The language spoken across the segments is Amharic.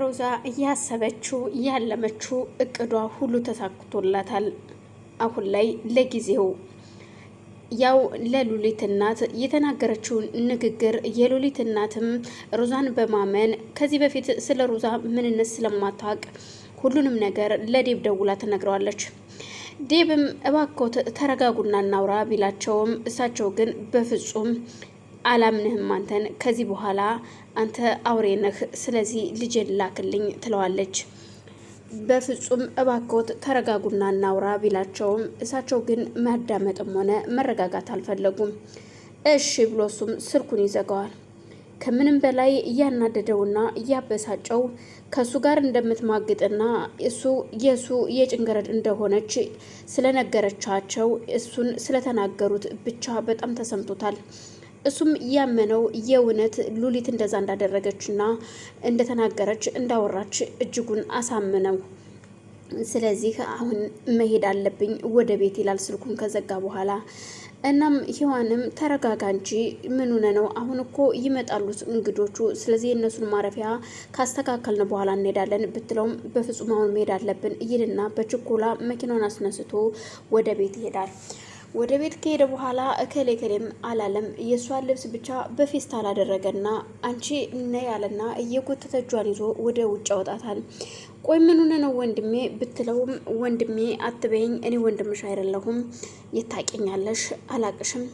ሮዛ እያሰበችው ያለመችው እቅዷ ሁሉ ተሳክቶላታል። አሁን ላይ ለጊዜው ያው ለሉሊት እናት የተናገረችውን ንግግር የሉሊት እናትም ሮዛን በማመን ከዚህ በፊት ስለ ሮዛ ምንነት ስለማታውቅ ሁሉንም ነገር ለዴብ ደውላ ትነግረዋለች። ዴብም እባኮት ተረጋጉና እናውራ ቢላቸውም እሳቸው ግን በፍጹም አላምንህም አንተን ከዚህ በኋላ አንተ አውሬ ነህ። ስለዚህ ልጄን ላክልኝ ትለዋለች። በፍጹም እባክዎት ተረጋጉና እናውራ ቢላቸውም እሳቸው ግን ማዳመጥም ሆነ መረጋጋት አልፈለጉም። እሺ ብሎ እሱም ስልኩን ይዘጋዋል። ከምንም በላይ እያናደደውና እያበሳጨው ከእሱ ጋር እንደምትማግጥና እሱ የእሱ የጭንገረድ እንደሆነች ስለነገረቻቸው እሱን ስለተናገሩት ብቻ በጣም ተሰምቶታል። እሱም ያመነው የእውነት ሉሊት እንደዛ እንዳደረገችና እንደተናገረች እንዳወራች እጅጉን አሳምነው። ስለዚህ አሁን መሄድ አለብኝ ወደ ቤት ይላል ስልኩን ከዘጋ በኋላ። እናም ሔዋንም ተረጋጋ እንጂ ምን ሆነ ነው? አሁን እኮ ይመጣሉት እንግዶቹ። ስለዚህ የእነሱን ማረፊያ ካስተካከልን በኋላ እንሄዳለን ብትለውም በፍጹም አሁን መሄድ አለብን ይልና በችኮላ መኪናውን አስነስቶ ወደ ቤት ይሄዳል። ወደ ቤት ከሄደ በኋላ እከሌ ከሌም አላለም። የእሷን ልብስ ብቻ በፌስታል አደረገና አንቺ ነይ ያለና እየጎተተ እጇን ይዞ ወደ ውጭ አወጣታል። ቆይ ምን ሆነ ነው ወንድሜ ብትለውም ወንድሜ አትበይኝ፣ እኔ ወንድምሽ አይደለሁም፣ የታቂኛለሽ አላቅሽም።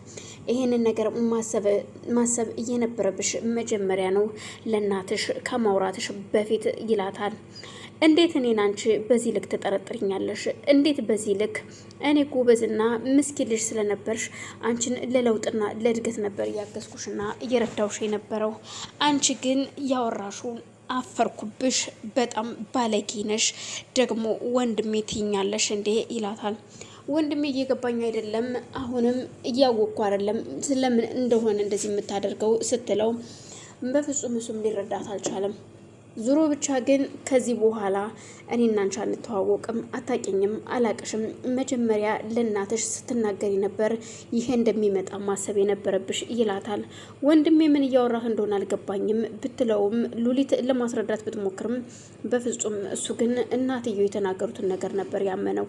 ይህንን ነገር ማሰብ እየነበረብሽ መጀመሪያ ነው ለእናትሽ ከማውራትሽ በፊት ይላታል። እንዴት እኔን አንቺ በዚህ ልክ ትጠረጥርኛለሽ? እንዴት በዚህ ልክ እኔ ጎበዝና ምስኪን ልጅ ስለነበርሽ አንቺን ለለውጥና ለእድገት ነበር እያገዝኩሽና እየረዳውሽ የነበረው። አንቺ ግን ያወራሹን አፈርኩብሽ። በጣም ባለጌ ነሽ። ደግሞ ወንድሜ ትኛለሽ እንዴ? ይላታል። ወንድሜ እየገባኝ አይደለም፣ አሁንም እያወቅኩ አይደለም ስለምን እንደሆነ እንደዚህ የምታደርገው ስትለው በፍጹም እሱም ሊረዳት አልቻለም። ዙሮ ብቻ ግን ከዚህ በኋላ እኔ እናንቺ አንተዋወቅም፣ አታቂኝም፣ አላቅሽም። መጀመሪያ ለእናትሽ ስትናገሪ ነበር ይሄ እንደሚመጣ ማሰብ የነበረብሽ ይላታል። ወንድሜ ምን እያወራህ እንደሆነ አልገባኝም ብትለውም ሉሊት ለማስረዳት ብትሞክርም በፍጹም እሱ ግን እናትየው የተናገሩትን ነገር ነበር ያመነው።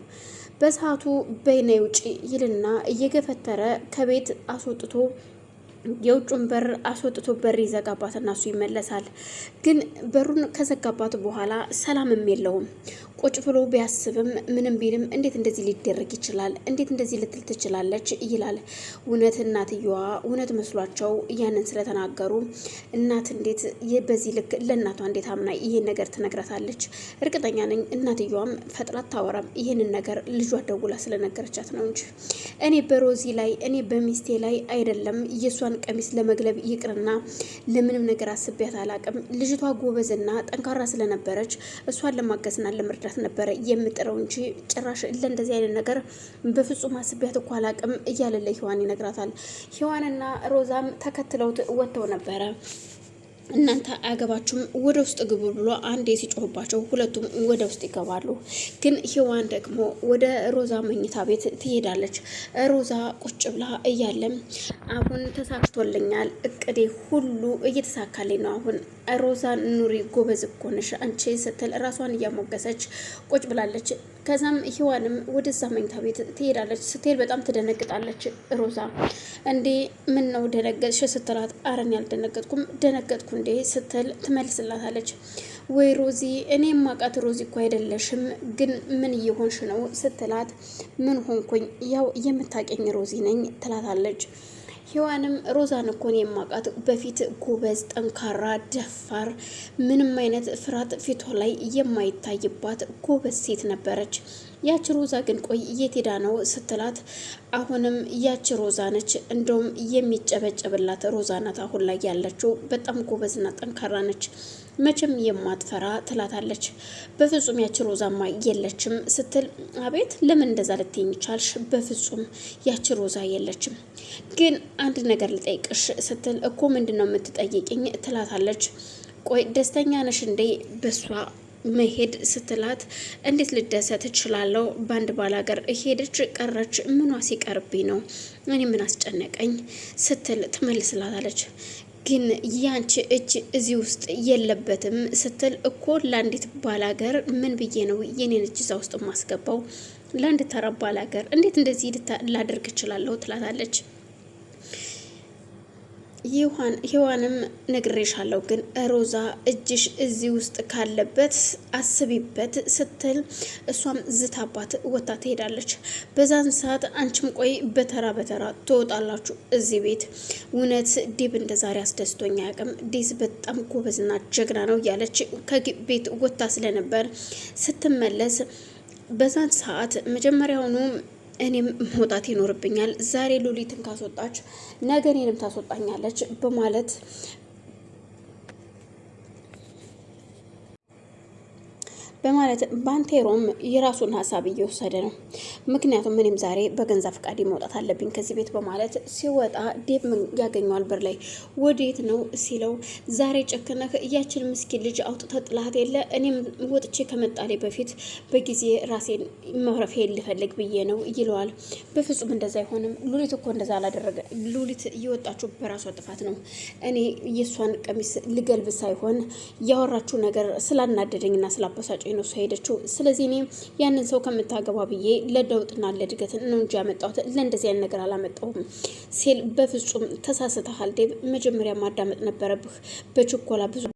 በሰዓቱ በይነ ውጪ ይልና እየገፈተረ ከቤት አስወጥቶ የውጩን በር አስወጥቶ በር ይዘጋባት እና እሱ ይመለሳል። ግን በሩን ከዘጋባት በኋላ ሰላምም የለውም። ቁጭ ብሎ ቢያስብም ምንም ቢልም እንዴት እንደዚህ ሊደረግ ይችላል? እንዴት እንደዚህ ልትል ትችላለች? ይላል። እውነት እናትየዋ እውነት መስሏቸው ያንን ስለተናገሩ እናት እንዴት በዚህ ልክ ለእናቷ እንዴት አምና ይህን ነገር ትነግረታለች እርግጠኛ ነኝ እናትየዋም ፈጥራት ታወራም ይህንን ነገር ልጇ ደውላ ስለነገረቻት ነው እንጂ እኔ በሮዚ ላይ እኔ በሚስቴ ላይ አይደለም የእሷን ቀሚስ ለመግለብ ይቅርና ለምንም ነገር አስቤያት አላቅም። ልጅቷ ጎበዝና ጠንካራ ስለነበረች እሷን ለማገዝና ለመርዳት ነበረ የምጥረው እንጂ ጭራሽ ለእንደዚህ አይነት ነገር በፍጹም አስቤያት እኮ አላቅም እያለ ህዋን ይነግራታል። ህዋንና ሮዛም ተከትለውት ወጥተው ነበረ። እናንተ አያገባችሁም ወደ ውስጥ ግቡ ብሎ አንዴ ሲጮህባቸው ሁለቱም ወደ ውስጥ ይገባሉ። ግን ሔዋን ደግሞ ወደ ሮዛ መኝታ ቤት ትሄዳለች። ሮዛ ቁጭ ብላ እያለም አሁን ተሳክቶልኛል፣ እቅዴ ሁሉ እየተሳካልኝ ነው። አሁን ሮዛ ኑሪ ጎበዝ እኮ ነሽ አንቺ ስትል ራሷን እያሞገሰች ቁጭ ብላለች። ከዛም ሔዋንም ወደዛ መኝታ ቤት ትሄዳለች። ስትሄድ በጣም ትደነግጣለች። ሮዛ እንዴ ምን ነው ደነገጥሽ ስትላት አረን ያልደነገጥኩም ደነገጥኩ እንዴ ስትል ትመልስላታለች። ወይ ሮዚ እኔ ማቃት ሮዚ እኮ አይደለሽም፣ ግን ምን እየሆንሽ ነው ስትላት፣ ምን ሆንኩኝ ያው የምታቀኝ ሮዚ ነኝ ትላታለች። ሔዋንም ሮዛን እኮ እኔ የማውቃት በፊት ጎበዝ፣ ጠንካራ፣ ደፋር ምንም አይነት ፍርሃት ፊቷ ላይ የማይታይባት ጎበዝ ሴት ነበረች። ያች ሮዛ ግን ቆይ የት ሄዳ ነው ስትላት፣ አሁንም ያች ሮዛ ነች። እንደውም የሚጨበጨብላት ሮዛ ናት አሁን ላይ ያለችው። በጣም ጎበዝና ጠንካራ ነች፣ መቼም የማትፈራ ትላታለች። በፍጹም ያች ሮዛማ የለችም ስትል፣ አቤት ለምን እንደዛ ልትይኝ ቻልሽ? በፍጹም ያች ሮዛ የለችም። ግን አንድ ነገር ልጠይቅሽ ስትል፣ እኮ ምንድን ነው የምትጠይቅኝ? ትላታለች። ቆይ ደስተኛ ነሽ እንዴ በሷ መሄድ ስትላት እንዴት ልደሰት እችላለሁ? በአንድ ባላገር ሄደች ቀረች፣ ምኗ ሲቀርብኝ ነው? እኔ ምን አስጨነቀኝ? ስትል ትመልስላታለች። ግን ያንቺ እጅ እዚህ ውስጥ የለበትም ስትል እኮ ለአንዲት ባላገር ምን ብዬ ነው የኔን እጅ እዛ ውስጥ ማስገባው? ለአንድ ተራ ባላገር እንዴት እንደዚህ ላደርግ እችላለሁ? ትላታለች ሔዋንም ነግሬሻለሁ፣ ግን ሮዛ እጅሽ እዚህ ውስጥ ካለበት አስቢበት ስትል እሷም ዝታባት ወታ ትሄዳለች። በዛን ሰዓት አንቺም ቆይ በተራ በተራ ትወጣላችሁ እዚህ ቤት። እውነት ዴብ እንደዛሬ አስደስቶኝ አያውቅም። ዴዝ በጣም ጎበዝና ጀግና ነው እያለች ከቤት ወታ ስለነበር ስትመለስ በዛን ሰዓት መጀመሪያውኑ እኔም መውጣት ይኖርብኛል። ዛሬ ሉሊትን ካስወጣች ነገ እኔንም ታስወጣኛለች በማለት በማለት ባንቴሮም የራሱን ሀሳብ እየወሰደ ነው። ምክንያቱም እኔም ዛሬ በገንዛ ፈቃዴ መውጣት አለብኝ ከዚህ ቤት በማለት ሲወጣ ዴብ ያገኘዋል በር ላይ ወዴት ነው ሲለው ዛሬ ጨክነህ እያችን ምስኪን ልጅ አውጥተህ ጥላት የለ እኔም ወጥቼ ከመጣሌ በፊት በጊዜ ራሴን መረፌ ልፈልግ ብዬ ነው ይለዋል። በፍጹም እንደዛ አይሆንም። ሉሊት እኮ እንደዛ አላደረገ። ሉሊት እየወጣችሁ በራሷ ጥፋት ነው። እኔ የእሷን ቀሚስ ልገልብ ሳይሆን ያወራችሁ ነገር ስላናደደኝና ስላበሳጨኝ ነው ሄደችው። ስለዚህ እኔ ያንን ሰው ከምታገባ ብዬ ለደ ለውጥና ለእድገት ነው እንጂ ያመጣሁት ለእንደዚህ አይነት ነገር አላመጣሁም ሲል በፍጹም ተሳስተሃል ዴብ፣ መጀመሪያ ማዳመጥ ነበረብህ በችኮላ ብዙ